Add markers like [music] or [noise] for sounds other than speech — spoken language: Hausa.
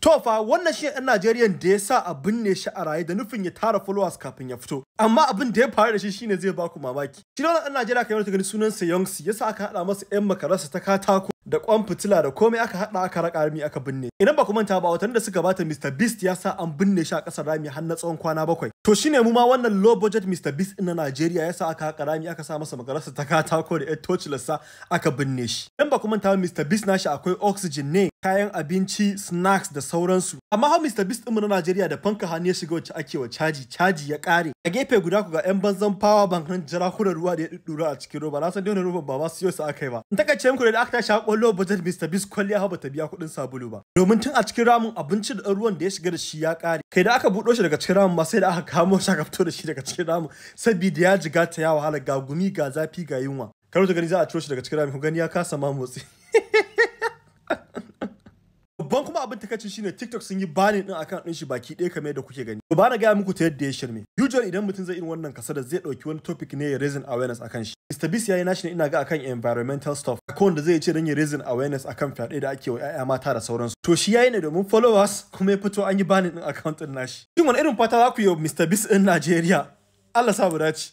Tofa, wannan shi ɗan Najeriyan da ya sa a binne shi a raye da nufin ya tara followers kafin ya fito. Amma abin da ya faru da shi shine zai baku mamaki. Shi wannan ɗan Najeriya kamar ta gani sunansa Youngsi ya sa aka haɗa masa 'yan makararsa ta katako da kwan fitila da komai aka hada aka raka rami aka binne idan ba ku manta ba watan da suka bata Mr Beast ya sa an binne shi a kasar rami har na tsawon kwana bakwai to shine mu ma wannan low budget Mr Beast din na Najeriya ya sa aka haka rami aka sa masa magararsa ta katako da yar sa aka binne shi idan ba ku manta ba Mr Beast nashi akwai oxygen ne kayan abinci snacks da sauransu amma ha Mr Beast din na Najeriya da fanka hannu ya shiga wacce ake wa caji caji ya kare a gefe guda ku ga yan banzan power bank nan jarakunan ruwa da ya ɗuɗɗura a cikin roba na san dai wannan roban ba su yau su aka yi ba in ce muku da aka tashi kwallo budget Mr Beast kwalliya haɓa bata biya kuɗin sabulu ba domin tun a cikin ramin abinci da ruwan da ya shiga da shi ya kare kai da aka buɗo shi daga cikin ramin ma sai da aka kamo shi aka fito da shi daga cikin ramin sabida ya jiga ta ya wahala ga gumi ga zafi ga yunwa Kar ta gani za a ciro shi daga cikin ramin ku gani ya kasa ma motsi [laughs] babban kuma abin takaicin shine TikTok sun yi banin din akan din shi baki ɗaya kamar yadda kuke gani to ba na ga muku ta yadda ya shirme Usual idan mutum zai irin wannan da zai dauki wani topic ne ya raising awareness akan shi Mr Beast yayi nashi ina ga akan environmental stuff akwai wanda zai ce dan ya raising awareness akan fyaɗe da ake wa 'ya'ya mata da sauransu to shi yayi ne domin followers kuma ya fito an yi banin din account din nashi shin wani irin fata za ku yi wa Mr Beast ɗin Najeriya Allah sa mu dace